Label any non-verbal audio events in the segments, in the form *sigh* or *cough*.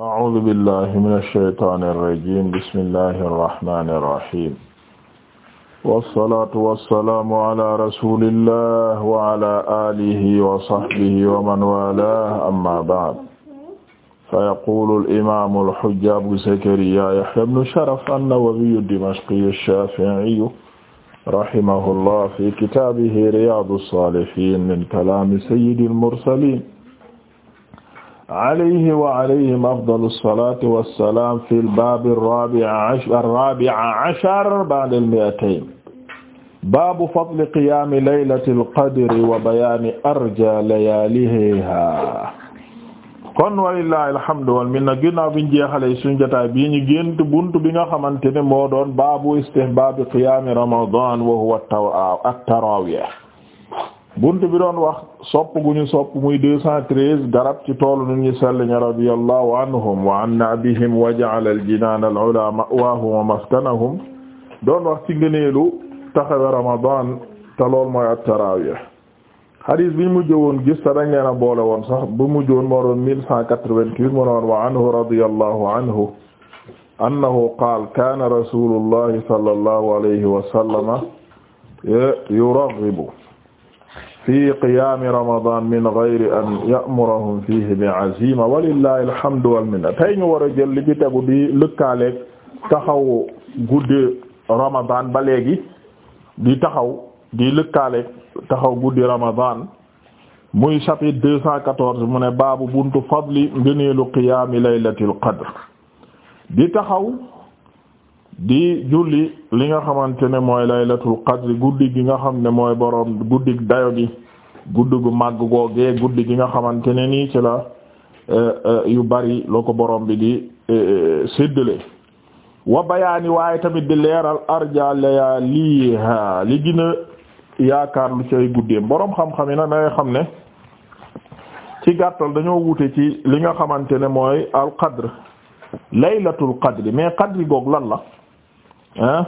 أعوذ بالله من الشيطان الرجيم بسم الله الرحمن الرحيم والصلاة والسلام على رسول الله وعلى آله وصحبه ومن والاه أما بعد فيقول الإمام الحجة أبو زكريا يحيى بن شرف النووي الدمشقي الشافعي رحمه الله في كتابه رياض الصالحين من كلام سيد المرسلين alayhi wa alayhim afdalu salaati wa salaam fil baabi raabi'i ashar ba'dal mi'atayn baabu fadli qiyaami laylatil qadri wa bayaani arjaa layaalihaa kon walillaahi alhamdu wal minna ginnaaw bi ñu jeexalee suñu jotaay bii ñu gént buntu bi nga xamante ne moo doon baabu istihbaabi qiyaami ramadaan wa huwa at-taraawiih buntu bi doon wax. sopp gu ñu sopp muy deux cent treize garab ci toolu nu ñu sell ñi radiyallahu anhum wa an wa ja'ala al-jinaan al-'ulaa wa maskanahum doon wax ci ngëneelu Ramadan te lool mooy at-taraawih hadis bi mujj woon gis te dañ leen a boole woon sax bu mujj woon moo doon mille cent quatre-vingt-huit moo doon wa anhu radiyallahu anhu annahu qaala kaana rasuulullahi sallallahu alayhi wa sallama yuraghibu fi qiyaami ramadan min gayri an yamurahum fihi bi azima walillahi alhamdu walminna tey ñu war a jël li ci tegu di lëkkaaleeg taxaw guddi ramadan ba léegi di taxaw di lëkkaaleeg taxaw guddi ramadan muy chapitre deux cent quatorze mu ne baabu buntu fadli ngëneelu qiyaami laylatil qadr di taxaw di julli li nga xamante ne mooy laylatul qadr guddi gi nga xam ne mooy boroom guddi dayo gi guddi gu màgg googee guddi gi nga xamante ne nii ci la eh, eh, yu bari loo ko boroom bi di eh, séddale wa bayaani waaye tamit di leeral arja layaaliha li gina yaakaar lu ci ay guddeem boroom xam-xam yi nag dangay xam ne ci gàttal dañoo wute ci li nga xamante ne mooy al qadr laylatul qadr mais qadr goog lan la ah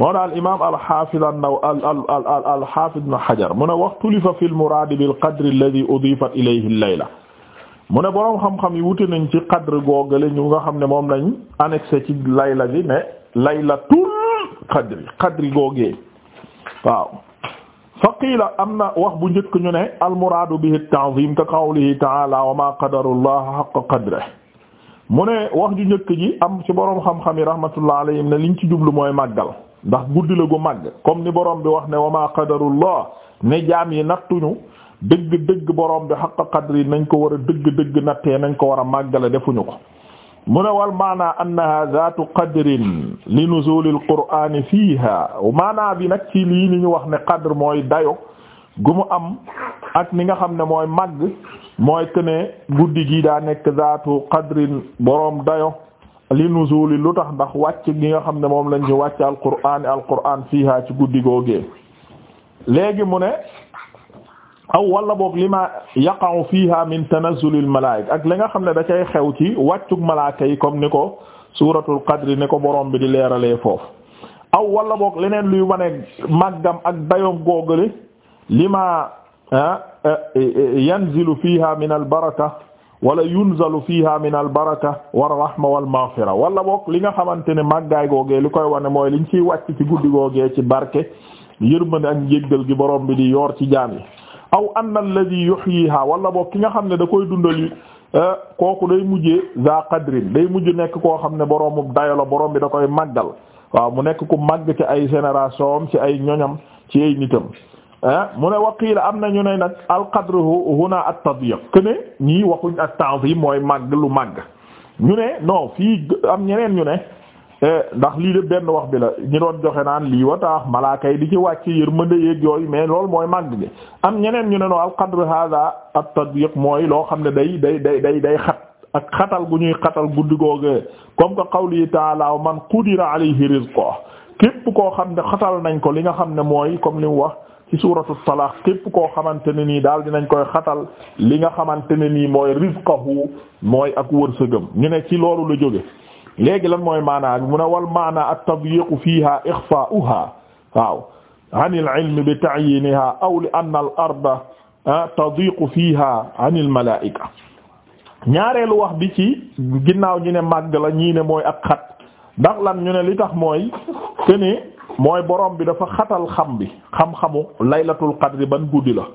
moo daal imaam al-Hafiz an-Naw al al-Hafiz Ibn Hajar mu ne waxtulifa fil muraad bil qadr alladhi udifat ilayhi al-layla mu ne boroom xam-xam yi wute nañ ci qadr googale ñu nga xam ne moom lañ annexé ci layla bi ne laylatul qadri qadri googee waaw fa qiila am na wax bu njëkk ñu ne al muraadu bihi at-ta'zim ka qawlihi ta'ala wa ma qadarullaha haqqa qadrihi mu ne wax ju njëkk ji am ci boroom xam-xam yi rahmatullah alayhim ne liñ ci jublu mooy màggal ndax guddi la gu màgg comme ni borom bi wax ne wa ma qadarullah ne jaam yi nattuñu dëgg-dëgg borom bi xaqa qadri nañ ko war a dëgg-dëgg nattee nañ ko war a màggale defuñu ko mu ne wal maana annaha zaatu qadrin li nuzulil qur'ani fiiha maanaa bi nag ci lii li ñu wax ne qadr mooy dayo gu mu am ak ni nga xam ne mooy màgg mooy que ne guddi gii daa nekk zaatu qadrin boroom dayo li nuzuli lu tax ndax wàcc gi nga xam ne moom lañ ci wàcc alquraan alquraan fiiha ci guddi googee léegi mu ne aw wala boog li ma yaqa'u fiiha min tanazzulil malaa'ika ak li nga xam ne da cay xew ci wàccug malaaka yi comme ni ko suuratul qadri ni ko borom bi di leeralee foofu aw wala boog leneen luy wane màggam ak dayoom googale lima eh, eh, eh, yanzilu fiha min baraka wala yunzalu fiha min albaraka warrahma walmaghfira wala boog li nga xamante ne màggaay googee li koy wane mooy liñ ciy wàcc ci guddi googee ci barke yërmande ak njéggal gi borom bi di yoor ci jaam yi aw anna alladhi yuhyiha wala boog ki nga xam ne da koy dundal kooku day mujjee za qadrin day mujj nekk koo xam ne boroomu dayo la borom bi da koy màggal waaw mu nekk ku màgg ci ay génération am ci ay ñoñam ci ay Ah, mu ne waqiila am na ñu ne nag alqadru huna at-tadyiq que ne ñii waxuñ at-ta'zim mooy màgg lu màgg ñu ne non fii am ñeneen ñu ne eh, ndax lii de benn wax bi la ñu doon joxe naan lii wa tax malaaka yi di ci wàcc yërmande yeeg yooyu mais loolu mooy màgg bi am ñeneen ñu ne non alqadru hada at-tadyiq mooy loo xam ne day day day day day xat ak xatal gu ñuy xatal guddi googee comme xaw qawli ta'ala man qudira alayhi rizquhu képp koo xam ne xatal nañ ko li nga xam ne mooy comme li wax. ci suuratu talaax képp koo xamante ne nii daal dinañ koy xatal li nga xamante ne nii mooy rizqahu mooy ak wërsëgam ñu ne ci loolu la jóge léegi lan mooy maanaa bi wal maana at-tadyiqu fiha ixfaa'uha waaw an al-ilmi bi ta'yiniha aw fiha an al-malaa'ika ñaareelu wax bi ci ginnaaw ñu ne màgg la ñii mooy ak xat ndax lan ñu ne li tax mooy que mooy borom bi dafa xatal xam bi xam-xamu laylatul qadri ban guddi la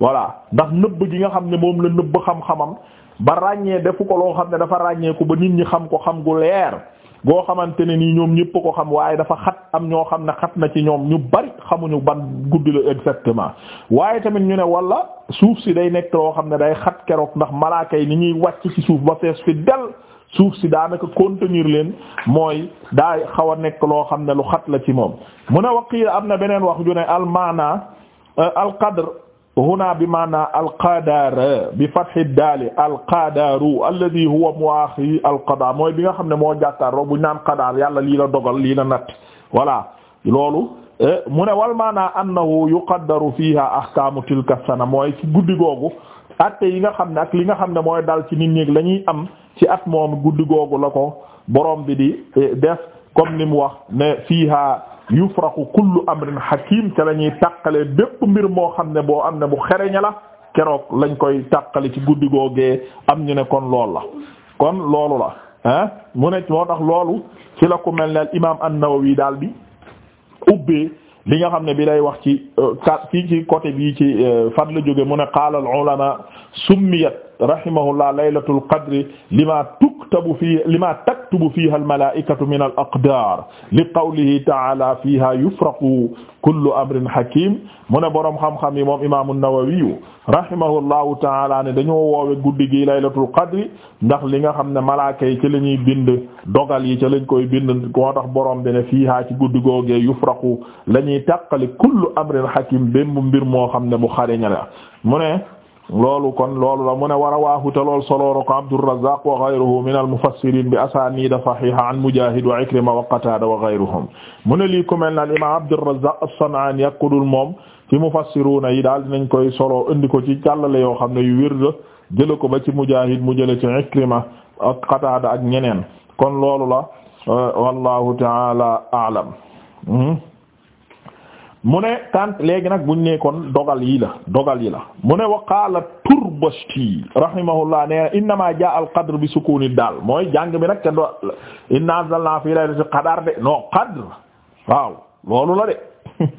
voilà ndax nëbb gi nga xam ne moom la nëbb xam-xamam ba ràññee defu ko loo xam ne dafa ràññee ko ba nit ñi xam ko xam gu leer goo xamante ne nii ñoom ñëpp ko xam waaye dafa xat am ñoo xam ne xat na ci ñoom ñu bari xamuñu ban guddi la exactement waaye tamit ñu ne wala suuf si day nekk loo xam ne day xat keroog ndax malaaka yi ni ñuy wàcc ci suuf ba fees fi del suuf si daanaka contenir leen mooy daa xaw a nekk loo xam ne lu xat la ci moom mu ne waqiila am na beneen wax ju ne al maana euh, al qadr huna bi maana al qadar bi fathi daali al qadaru alladhi huwa muwaaxi al qadaa mooy bi nga xam ne moo jàkkaarloo bu ñu naan qadar yàlla lii la dogal lii la natt voilà loolu euh, mu ne wal maana annahu yuqaddaru fiha ahkaamu tilka sana mooy ci guddi googu atte yi nga xam ne li nga xam ne mooy dal ci nit ñi lañuy am ci at moom guddi googu la ko borom bi di eh, def comme ni mu wax ne fiiha yufraqu kullu amrin hakim ca la ñuy tàqale bépp mbir moo xam ne boo am ne bu xereña la keroog lañ koy tàqale ci guddi googee am ñu ne kon lool la kon loolu la ah mu ne moo tax loolu ci la ku mel ne al imaam an-Nawawi daal bi ubbee li nga xam ne bi lay wax ci ci euh, ci côté bii ci euh, fan la jóge mu ne qaala al ulama summiyat rahimahullah laylatul qadri lima tuktabu fi lima taktubu fiha al malaikatu min al aqdar li qawlihi ta'ala fiha yufraqu kullu amrin hakim mu ne boroom xam-xam yi moom imaamu nawawiyu rahimahullahu ta'ala ne dañoo woowe guddi gi laylatul qadri ndax li nga xam ne malaaka yi ci la ñuy bind dogal yi ci lañ koy bind moo tax boroom bi ne fiihaa ci guddi googee yufraqu la ñuy tàqali kullu amrin hakim bémb mbir moo xam ne bu xariñ la mu ne loolu kon loolu la mu ne war a waahuta lool solo ko Abdurrazzaq wa ghayruhu min al-mufassirin bi asanida sahiha an Mujahid wa Ikrima wa Qatada wa ghayruhum mu ne lii ku mel ne al imam Abdurrazzaq as-San'ani yakkudul moom ci mufassiruna yi daal koy solo indi ko ci jàllale yoo xam ne yu wér ko ba ci Mujahid mu jële ci Ikrima ak Qatada ak ñeneen kon loolu la wallahu ta'ala a'lam hmm? mu ne tant léegi nag buñ ne kon dogal yi la dogal yi la mu ne wa qaala turbashti rahimahullah ne innama jaa al qadr bi sukuni daal mooy jàng bi nag te do inna anzalna fii laylatil qadar de non qadr waaw loolu la de *laughs*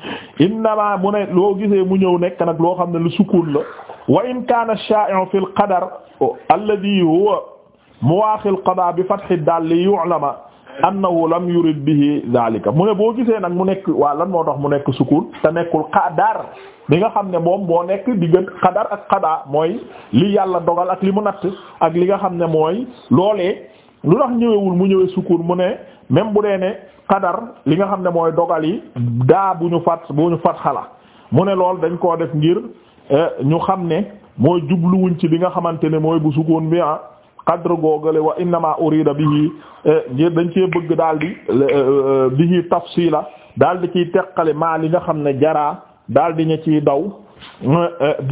innama mu ne loo gisee mu ñëw nekk nag loo xam ne lu sukun la wa in kaana sha'i'u fil qadar oh, alladhi huwa muwaafil qadaa bi fathi daal li yu'lama am na annahu lam yurid bihi daalika mu ne boo gisee nag mu nekk waa lan moo tax mu nekk sukun te nekkul qadar li nga xam ne moom moo nekk diggante qadar ak qada mooy li yàlla dogal ak li mu natt ak li nga xam ne mooy loolee lu ñëwewul mu ñëwee mu ne même bu dee ne qadar li nga xam ne mooy dogal yi daa bu ñu fat bu ñu fat xala mu ne lool dañ koo def ngir eh, ñu xam ne mooy jubluwuñ ci li nga xamante ne mooy bu sukun bi ah qadr googale wa innama urida bihi ngir eh, dañ cee bëgg daal di eh, eh, bihi tafsila daal di ciy teqale maa li nga xam ne jaraa daal di ña ciy daw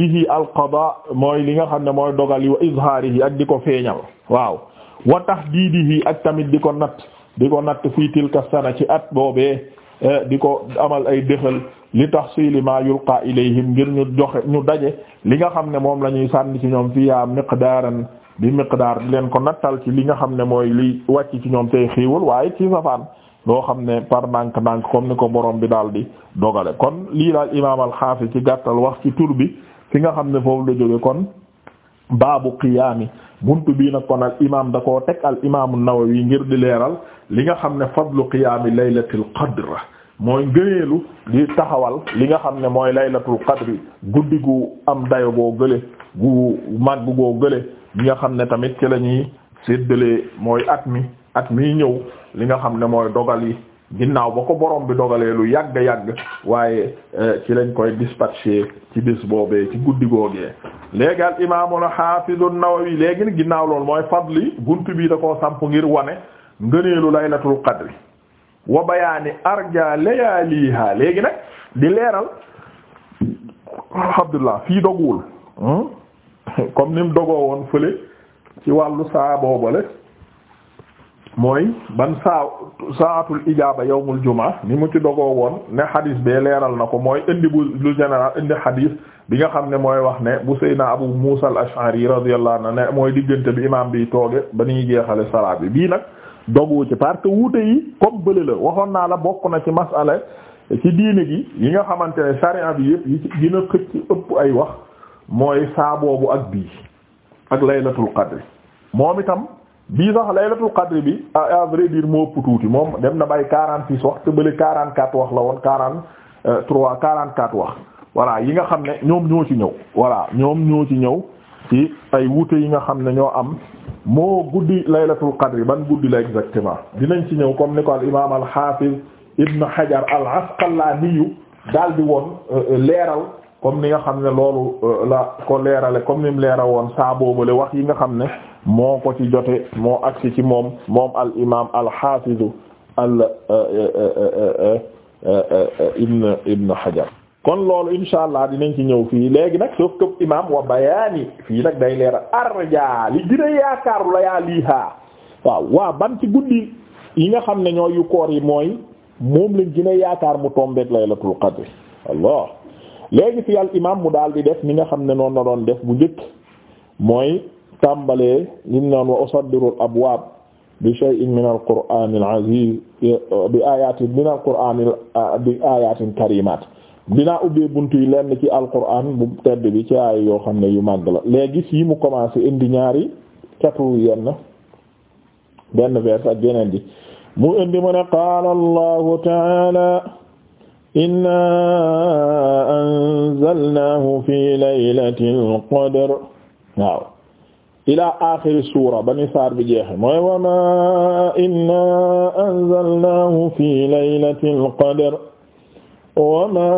bihi alqada mooy li nga xam ne mooy dogal yi wa izhaarihi ak di ko feeñal waaw wa tahdidihi ak tamit di ko natt di ko natt fii tilka sana ci at boobee di ko amal ay dëxal li tahsili ma yulqa ilayhim ngir ñu ñu daje li nga xam ne moom la ñuy sànni ci ñoom fiya miqdaran bi miqdaar di leen ko nattal ci li nga xam ne mooy li wàcc ci ñoom tey xiiwal waaye ci safaan loo xam ne par ndànk ndànk kom ni ko borom bi daal di dogale kon lii daal imaam al ci gàttal wax ci tur bi fi nga xam ne foofu la jóge kon baabu qiyaami buntu bii nag kon al imaam da koo teg al imaamu Nawawi ngir di leeral li nga xam ne fadlu qiyaami laylatul qadr mooy ngëneelu di taxawal li nga xam ne mooy laylatul qadri guddi gu am dayo goo gële gu màgg bi nga xam ne tamit ci la ñuy séddale mooy at mi at mi ñëw li nga xam ne mooy dogal yi ginnaaw ba ko borom bi dogalee lu yàgg yàgg waaye eh, ci lañ koy dispatché ci bis boobee ci guddi googee léegi al imaamul xaafizu Nawawi léegi ginnaaw lool mooy fadli bunt bii da koo samp ngir wane ngëneelu laylatul qadri wa bayaani arja layaaliha léegi nag di leeral alhamdulillah fii doguwul hmm? *laughs* comme ni mu dogoo woon fële ci wàllu saa boobale mooy ban saa saatul ijaaba yawmul juma ni mu ci dogoo woon ne xadis bee leeral na ko mooy indi bu lu général indi xadis bi nga xam ne mooy wax ne bu Seydina Abu Muusa al-Ash'ari radiyallahu anhu ne mooy diggante bi imaam bi tooge ba ni ñuy jeexale salaat bi bii nag dogu ci parce que wuute yi comme bële la waxoon naa la bokk na ci masala ci diine gi yi nga xamante ne charia bi yëpp yi ci gën a xëcc ëpp ay wax mooy saa boobu ak bii ak laylatul qadri moom itam bii sax laylatul qadri bi à vrai dire moo ëpp tuuti moom dem na bay quarante six wax te bële quarante quatre wax la woon quarante euh, trois quarante quatre wax voilà yi nga xam ne ñoom ñoo ci ñëw voilà ñoom ñoo ci ñëw ci ay wuute yi nga xam ne ñoo am moo guddi laylatul qadri ban guddi la exactement dinañ ci ñëw comme ni ko al imaam al hafiz ibn hajar al asqalani daal di woon euh, leeral comme ni nga xam ne loolu euh, la ko leerale comme ni mu leera woon saa boobale wax yi nga xam ne moo ko ci jote moo agsi ci moom moom al imaam al xaafizu al euh, euh, ibn ibn Hajar kon loolu insha allah dinañ ci ñëw fii léegi nag sauf këpp imam wa bayaani fii nag day leeral arja li dina yaakaaru la yaa liihaa waaw ban ci guddi yi nga xam ne ñooy yu koor yi mooy moom lañ gën yaakaar mu tombeek laylatul qadr allah léegi fi al imam mu daal di def ni nga xam ne noonu la doon def bu njëkk mooy tàmbalee ngi noon wa usaddirul abwaab bi shay'in min al qur'an al aziz bi ayatin min al qur'an bi ayatin karimat dinaa ubbee bunt yi lenn ci alquran bu tedd bi ci ay yoo xam ne yu màgg la léegi fii mu commencé indi ñaari catu yenn benn vers ak yeneen ji mu indi mu ne qaala allahu taala inna anzalnaahu fi laylatil qadr waaw ila axiri suura ba ni saar bi jeexe mooy wa ma inna anzalnaahu fi laylatil qadr wa ma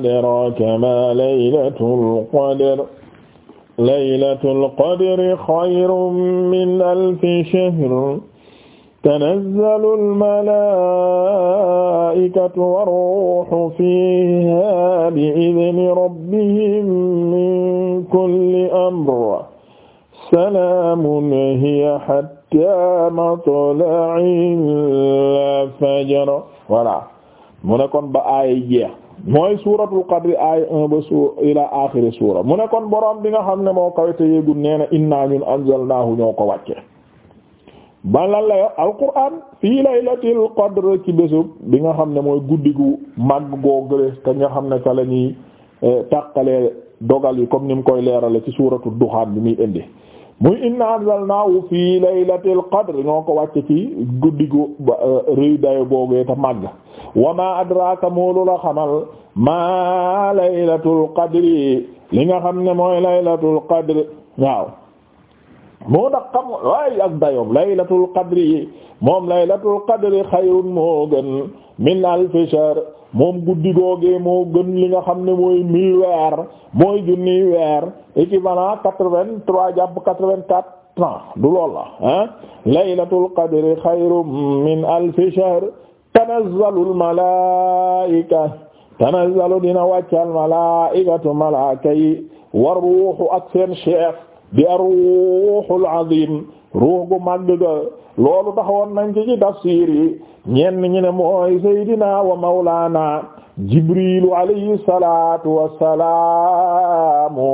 adraaka ma laylatul qadr laylatul qadri xayrun min alfi shahr tanazzalu al-malaa'ikatu war-ruuhu fiihaa bi-idhni rabbihim min kulli amr salaamun hiya hattaa matla'il fajr voilà mu ne kon ba aaya jeex mooy suuratul qadr aaya un ba su ilaa aaxiri suura mu ne kon boroom bi nga xam ne moo kawe te yéegul nee na innaa ñun anzalnaahu ñoo ko wàcce balal la yo alquran fii laylatil qadr ci bésub bi nga xam ne mooy guddi gu màgg goo te nga xam ne ca la ñuy eh, tàqalee dogal yi comme ni mu koy leerale ci suuratu duxaan bi muy indi muy inna anzalnaahu fii laylatil qadr ñoo ko wàcce ci guddi gu eh, rëy dayo googee te màgg wa ma adraka moolu la xamal ma laylatul qadri li nga xam ne mooy laylatul qadr waaw moo tax xam waaye ak dayoom laylatul qadri moom laylatul qadri xayrun moo gën min alfi shahr moom guddi googee moo gën li nga xam ne mooy mille weer mooy junni weer équivalent quatre-vingt-trois jàpp quatre-vingt-quatre ans du lool la ah laylatul qadri xayrun min alfi shahr tanazzalul malaa'ika tanazzalu dina wàccal malaa'ikatu malaaka yi war ruuxu ak seen chef di ar-ruuhul azim ruux gu màgg ga loolu taxoon nañ ci ci tafsiir yi ñenn ñi ne mooy seydina wa mawlaana jibrilu alayhi salaatu wassalaamu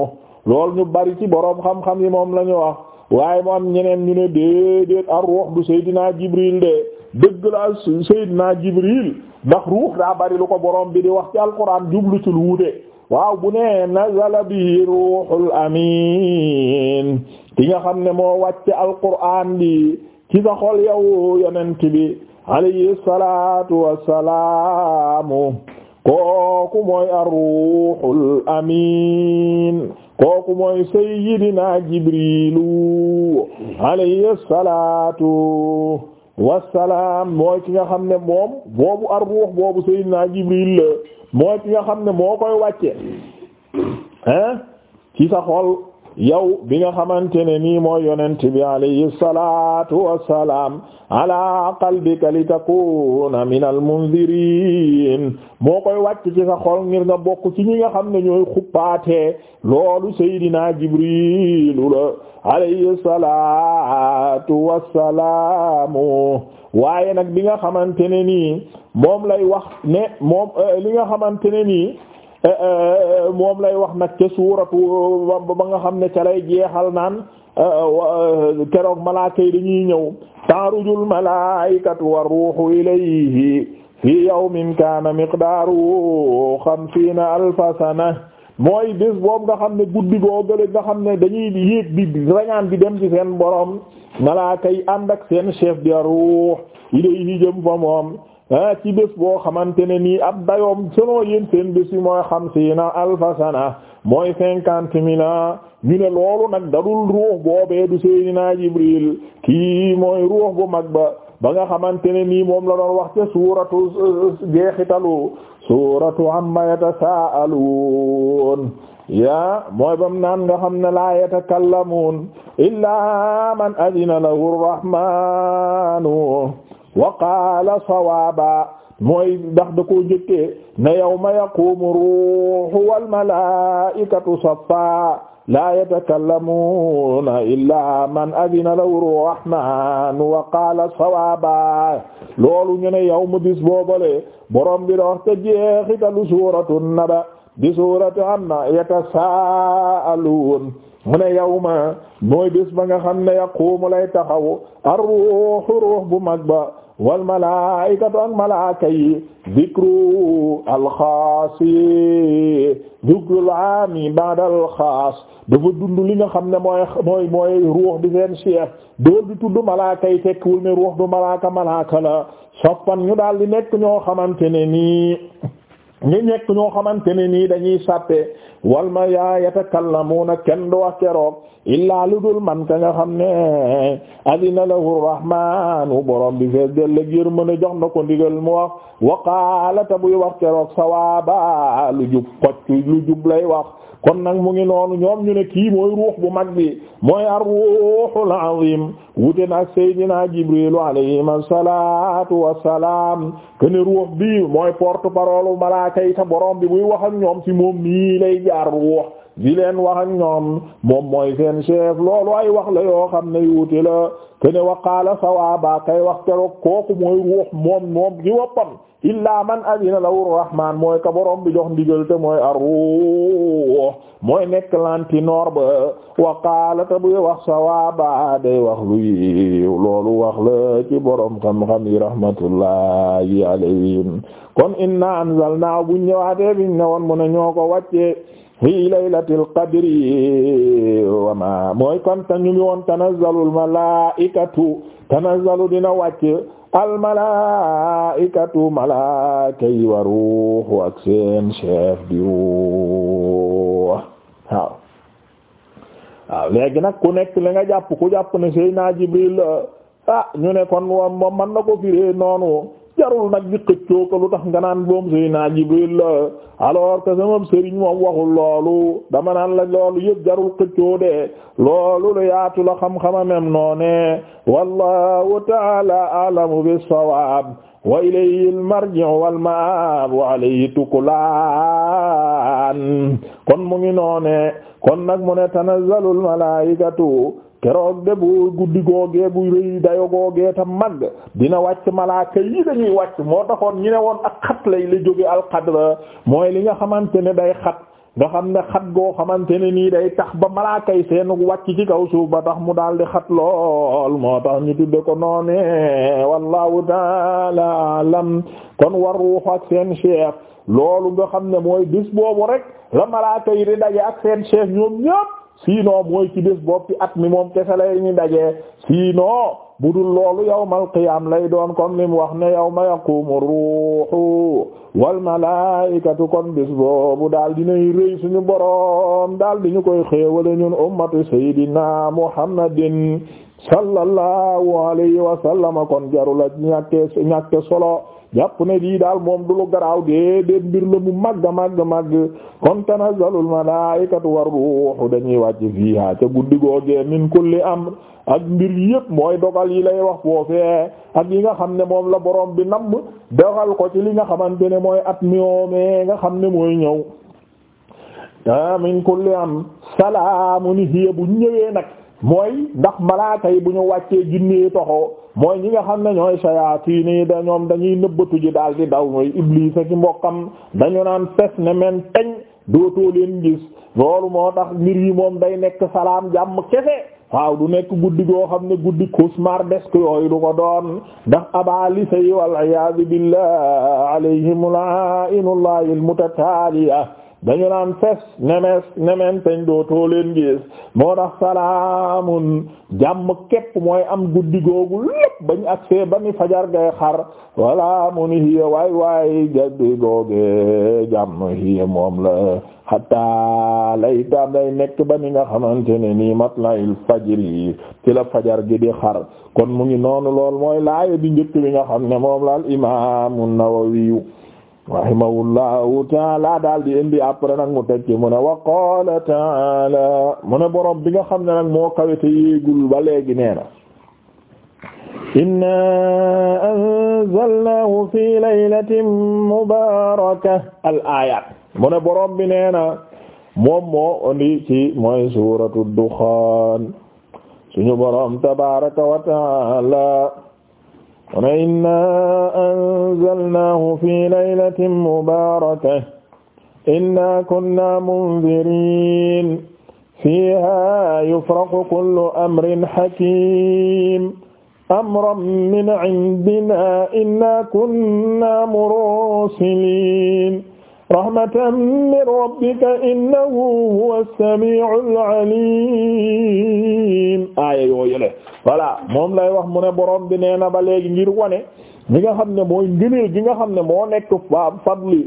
loolu ñu bari ci boroom xam-xam yi moom la ñu wax waaye moom ñeneen ñi ne déedéet ar ruux du seydina jibril de dëgg la seydina jibril ndax ruux daa bari lu ko boroom bi di wax ci alquran jublu ci lu wuute waaw bu ne nazala bihi ruuxul amiin nga xam ne moo wàcce alquraan bi ci sa xol yow yonent bi alayhi salaatu wassalaamu kooku mooy ar-ruuxul amiin kooku mooy sayyidina jibriilu alayhi salaatu wasalaam mooy ki nga xam ne moom boobu ar-ruux boobu Seydina Jibril la mooy ki nga xam ne moo koy wàcce hein ci sa xol yow bi nga xamante ne nii mooy yonent bi alayhi salatu wassalam ala qalbika litakuna min al munzirin moo koy wàcc ci sa xol ngir nga bokk ci ñi nga xam ne ñooy xuppaatee loolu seydina jibrilu la alayhi salatu wassalamu waaye nag bi nga xamante ne nii moom lay wax ne moom euh, li nga xamante ne nii Eh, eh, eh, moom lay wax nag ca suuratu ba nga xam ne ca lay jeexal naan keroog malaaka yi dañuy ñëw taarujul malaa'ikatu wa ruuhu ilayhi fi yawmin kaana miqdaaru xamsiina alfa sana mooy bés boobu nga xam ne guddi googale nga xam ne dañuy yéeg bi rañaan bi dem ci seen borom malaaka yi ànd ak seen chef de ruux ilayhi jëm fa moom ah ci bés boo xamante ne nii ab dayoom selon yéen seen bés yi mooy xamsiina alfa sana mooy cinquante mi ans ñu ne loolu nag dadul ruux boobee du Seydina Jibril kii mooy ruux bu mag ba ba nga xamante ne nii moom la doon wax ca suuratu uh, jeexitalu suuratu amma yatasaaluun yaa mooy bam naan nga xam ne laa yatakallamuun illaa man adina lahu rahmaanu wa qaala sawaaba mooy ndax da koo njëkkee ne yawma yaqumu ruuhu wal malaa'ikatu saffaa laa yatakallamuuna illaa man adina lahu rahmaan wa qaala sawaaba loolu ñu ne yawma bis boobale borom bi da wax te jeexitalu suuratu naba di suuratu amma yatasaa'aluun mu ne yawma mooy bis ba nga xam ne yaqumu lay taxaw ar-ruuhu ruuh bu mag ba wal malaa'ikatu ak malaaka yi zikru alxaasi zikrul aami ba'dal xaas dafa dund li nga xam ne mooy mooy mooy ruux di seen chef dool di tudd malaaka yi tekkiwul ne ruux du malaaka malaaka la soppan ñu daal di nekk ñoo xamante ne nii ñu nekk ñoo xamante ne nii dañuy sàppe wal ma yaa yatakallamuuna kenn du wax keroog illaa lu dul man ka nga xam ne adina lahu rahmaanu borom bi fees dellëg yërmande jox na ko ndigal mu wax waqaalata buy wax keroog sawaaba lu jub kocc lu jub lay wax kon nag mu ngi noonu ñoom ñu ne kii mooy ruux bu mag bi mooy ar-ruuhul azim wute nag Seydina Jibrilu alayhi salaatu wassalaam kene ruux bi mooy porte-parole malaaka yi ta borom bi buy wax ak ñoom ci moom nii lay jaar ruux di leen wax ak moom mooy seen chef loolu ay wax la yoo xam ne wuute la kene waqaala sawaaba kay wax keroog kooku mooy ruux moom moom ci woppam illaa man adina lahu rahmaan mooy ka borom bi jox ndigal te mooy ar-ruux mooy nekk lantinoor ba waqaala te buy wax sawaaba day wax lu loolu wax la ci borom xam-xam yi rahmatullahi alayhim kon inna anzalnaa bu ñëwaatee bi ñu ne woon mu ne ñoo ko wàccee fii laylatil qadri wa ma mooy kon ta ñu ngi woon tanazzalul malaa'ikatu tanazzalu dina wàcc al malaa'ikatu malaaka yi wa di ruux waaw waaw léegi nag ku nekk li nga jàpp ku jàpp ne Seydina Jibril ah ñu ne kon wa moom na ko firee noonu jarul nag di xëccoo ko lu tax nga naan boom Seydina Jibril la alors sama sëriñ moom loolu dama naan la loolu yëpp jarul xëccoo de loolu la yaatu la xam-xamamem noone wallahu taala alamu bis-sawaab wa ilayhi al-marji'u wa alayhi tuklaan kon mu ngi noone kon nag mu ne tanazzalul malaa'ikatu keroog de bu guddi googee bu rëy dayo googee ta màgg dina wàcc malaaka yi dañuy wàcc moo taxoon ñu ne woon ak xat lay la jóge alxadra mooy li nga xamante ne day xat nga xam ne xat goo xamante ne nii day tax ba malaaka yi seen wàcc ci kaw suuf ba tax mu daal di xat lool moo tax ñu tudde ko noone wallahu taala alam kon war ruux ak seen chef loolu nga xam ne mooy bis boobu rek la malaaka yi di ak seen chef ñoom ñépp sinon mooy ci bés bopp ci at mi moom kese lay ñu dajee sinon budul loolu yawmal qiyaam lay doon comme lim wax ne yawma yaqumu ruuhu wal malaa'ikatu kon bés boobu daal dinay rëy suñu boroom daal di ñu koy xéewale ñun ummatu sayyidina muhammadin sallallahu alayhi wa sallam kon jarul a solo jàpp ne lii daal moom du lu garaaw déedéet mbir la mu màgg màgg màgg kon tanazzalul malaa'ikatu war ruuhu dañuy wàcc fiihaa ca guddi googee min kulli amr ak mbir yépp mooy dogal yi lay wax foofee ak yi nga xam ne moom la boroom bi namm dogal ko ci li nga xamante ne mooy at miyoomee nga xam ne mooy ñëw ah, min kulli am salaamun hiya bu ñëwee nag mooy ndax malaaka yi bu ñu wàccee junni toxo mooy ñi nga xam ne ñooy sayaati nii da ñoom dañuy nëbbatu ji daal di daw ñooy iblis ak mbokkam dañu naan pes ne men teñ dootoo leen gis loolu moo tax mbir yi moom day nekk salaam jàmm kese waaw du nekk guddi goo xam ne guddi cauchemar desk yooyu du ko doon ndax abali say wal iyaazu billah alayhim la'inullah al mutataliya dañu naan fes nemes nemen teñ dootoo leen gis moo tax salaamun jàmm képp mooy am guddi googu lépp bañ ak see ba ni fajar gay xar wala mu ni hiya waay waay guddi googe jàmm hiya moom la hatta layta day nekk ba ni nga xamante ne nii matla'il fajri ci la fajar gi di xar kon mu ngi noonu lool mooy laaya bi njëkk bi nga xam ne moom la al imaamu Nawawi rahimahullahu taala daal di indi après nag mu tekki mu ne wa qaala taala mu ne borom bi xam ne nag moo kawete yéegul ba léegi nee inna anzalnaahu fi laylatin mubaaraka al ayat mu ne borom bi nee na moom moo indi ci mooy suuratu duxaan suñu tabaaraka wa taala kon inna anzalnaahu fi laylatin mubaarakatin inna kunna munziriin fiihaa yufraqu kullu amrin hakiim amran min indinaa inna kunna mursiliin rahmatan min rabbika innahu huwa samiul alim aaya yoo yële voilà moom lay wax mu ne borom bi nee na ba léegi ngir wane li nga xam ne mooy ngëneel gi nga xam ne moo nekk fa fadli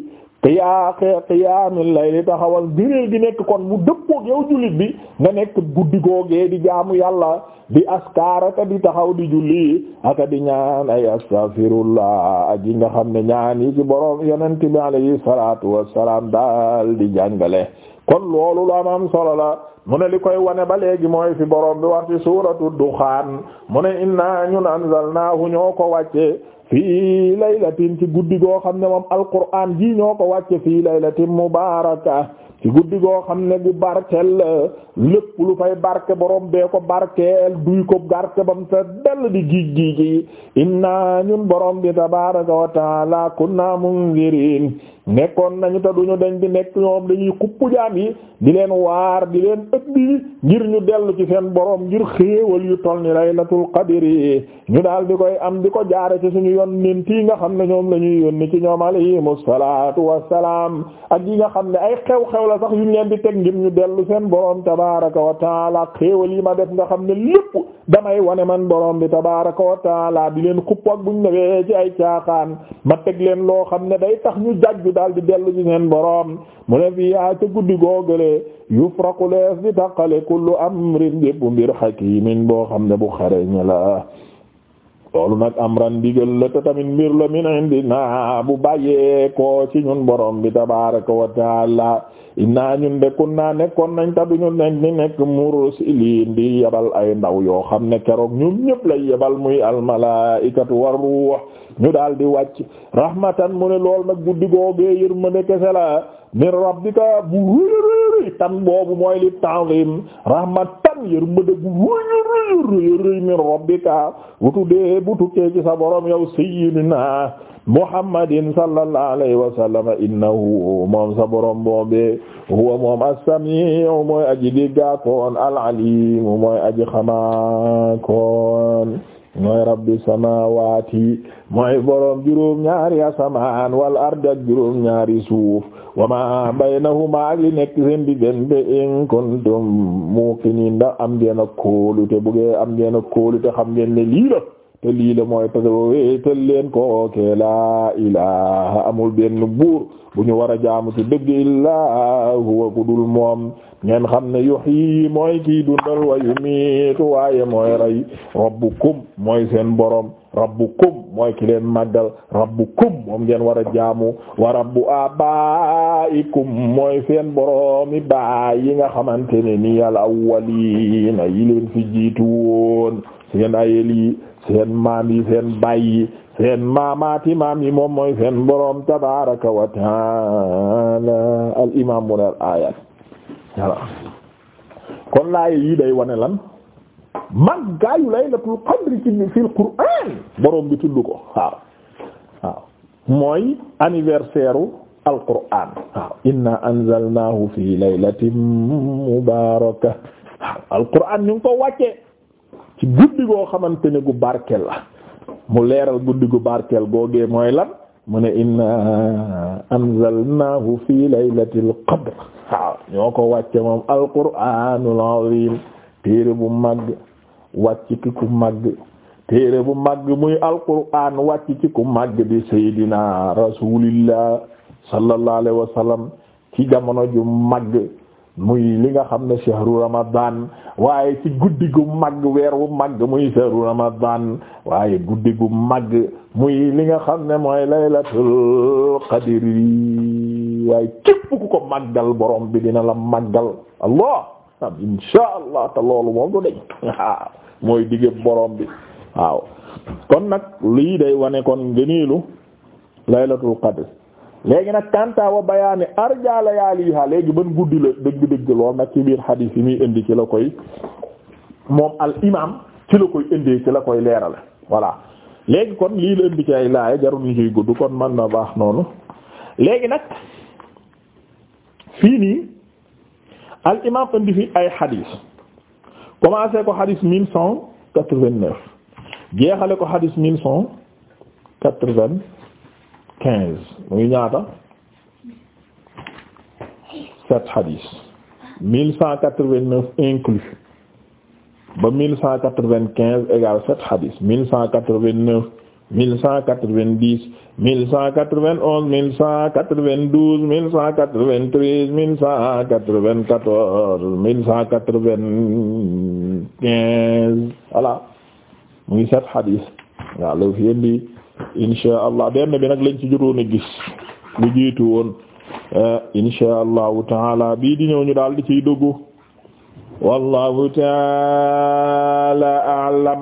qiyaa qiyaamil layli taxawal biréel gi nekk kon mu dëppoog yow jullit bi nga nekk guddi googee di jaamu yàlla di ta di taxaw di julli aka di ñaan ay astaghfirullah aji nga xam ne ñaan yi ci borom yonent bi alayhi salaatu wassalaam daal di jàngale kon loolu la am solo la mu ne li koy wane ba léegi mooy fi borom bi wax suuratu duxaan mu ne inna ñun anzalnaahu ñoo ko wàcce fii laylatin ci guddi goo xam ne moom alquraan ji ñoo ko wàcce fii laylatin mubaaraka ci guddi goo xam ne gu barkeel lépp lu fay barke boroom bee ko barkeel duy ko barke bam sa dell di giij giij yi inna ñun borom bi tabaaraka wa taala kunna munzirin nekkoon nañu te duñu dañ di nekk ñoom lañuy kuppu jaam yi di leen waar di leen ëppi ngir ñu dellu ci seen borom ngir xéewal yu toll ni laylatul qadri ñu daal di koy am di ko jaare ci suñu yoon nent yi nga xam ne ñoom la ñuy yónni ci ñoom alayhimu salaatu wassalaam ak yi nga xam ne xew la sax yuñ leen di teg ngir ñu dellu seen borom tabaraka wa taala xéewal yi ma def nga xam ne lépp damay wane man borom bi tabaraka wa taala di leen xupp ak buñ newee ci ay caaxaan ma teg leen loo xam ne day tax ñu jajju daal di dellu ci seen boroom mu ne fii yaa guddi googalee yufraqu lees di tàqale kullu amrin bépp mbir hakimin boo xam ne bu xareñ la loolu nag amran digal la te tamit mbir la min indina bu bàyyee ko ci ñun borom bi tabaaraka wa taala inna ñun de naa nekkoon nañ ta duñu nekk ni nekk mursiliin di yebal ay ndaw yoo xam ne keroog ñun ñëpp lay yebal muy almalaikatu war ruux ñu daal di wàcc rahmatan mu ne lool nag guddi googee yërmande kese la min rabbika bu rëy tan boobu mooy li ta'zim rahmatan yërmande bu rëy rëy min rabbika bu tuddee bu tukkee ci sa borom yow sayyidina muhammadin sallallahu alayhi wa sallam innahu moom sa borom boobe huwa moom as-sami'u mooy aji dégga koon al-alim mooy aji xamaa koon mooy rabbi samawati mooy borom juróom ñaari asamaan wal ard ak juróom ñaari suuf wa ma baynahuma ak li nekk seen diggante in kuntum muqinin da am ngeen a kóolute bu am ngeen a kóolute xam ngeen ne lii te lii la mooy parce leen ko ke laa amul benn buur bu ñu war a jaamu ci dëgg illaa huwa ku moom ngeen xam ne yuhyi mooy kii dundal wa yumiitu waaye mooy rey rabbukum mooy seen borom rabbukum mooy ki leen màggal rabbukum moom ngeen war a jaamu wa rabbu abaikum mooy seen boroomi baay yi nga xamante ne ni al awwaliina yi leen fi jiitu woon seen ayel yi seen maam yi seen baay seen maamaati maam yi moom mooy seen boroom tabaraka wa al imam mu ayat kon laay yi day wane lan màggaayu laylatul qadr ci fil qur'an borom bi tudd ko waaw waaw mooy anniversaire u al qur'an waaw inna anzalnahu fi laylatin mubarakah waaw al qur'an ñu ko wàccee ci guddi goo xamante ne gu barkeel la mu leeral guddi gu barkeel googee mooy lan mu ne inna anzalnahu fi laylatil qadr waaw ñoo ko wàcce moom al qur'anul azim téere bu mag wàcc ki ku màgg téere bu màgg muy alquraan wàcc ci ku màgg di saydina rasulillah sallallahu alayhi ci jamono ju màgg muy li nga xam ne shahru ramadan waaye ci guddi gu màgg weer wu màgg muy shahru ramadan waaye guddi gu màgg muy li nga xam ne mooy laylatul qadri waaye képp ku ko màggal borom bi dina la màggal allah insha allah te loolu moom du deñ mooy digg borom bi waaw kon nag lii day wane kon ngëneelu laylatul qadr léegi nag kanta wa bayaani arja layaaliha léegi ban guddi la dëgg-dëgg lool nag ci biir xadiis yi muy indi ci la koy moom al imaam ci la koy indi ci la koy leerale voilà léegi kon lii la indi ci ay laaya jarul ñu ciy gudd kon man na baax noonu léegi nag fii nii al imaam indi fi ay xadiis commencé ko xadis mille cent quatre-vingt-neuf jeexale ko xadis mille cent quatre-vingt-quinze muy ñaata sept xadis mille cent quatre-vingt-neuf inclus ba mille cent quatre-vingt-quinze égale sept xadis mille cent quatre-vingt-neuf mille cent quatre-vingt-dix mille cent quatre-vingt-onze mille cent quatre-vingt-douze mille cent quatre-vingt-treize mille cent quatre-vingt-quatorze mille cent quatre-vingt-quinze voilà muy sept hadis waaw loolu fi indi insha allah benn bi nag lañ ci jotoon a gis lu jiitu woon eh, insha allahu taala bii di ñëw ñu daal di ciy dugg wallahu taala a'lam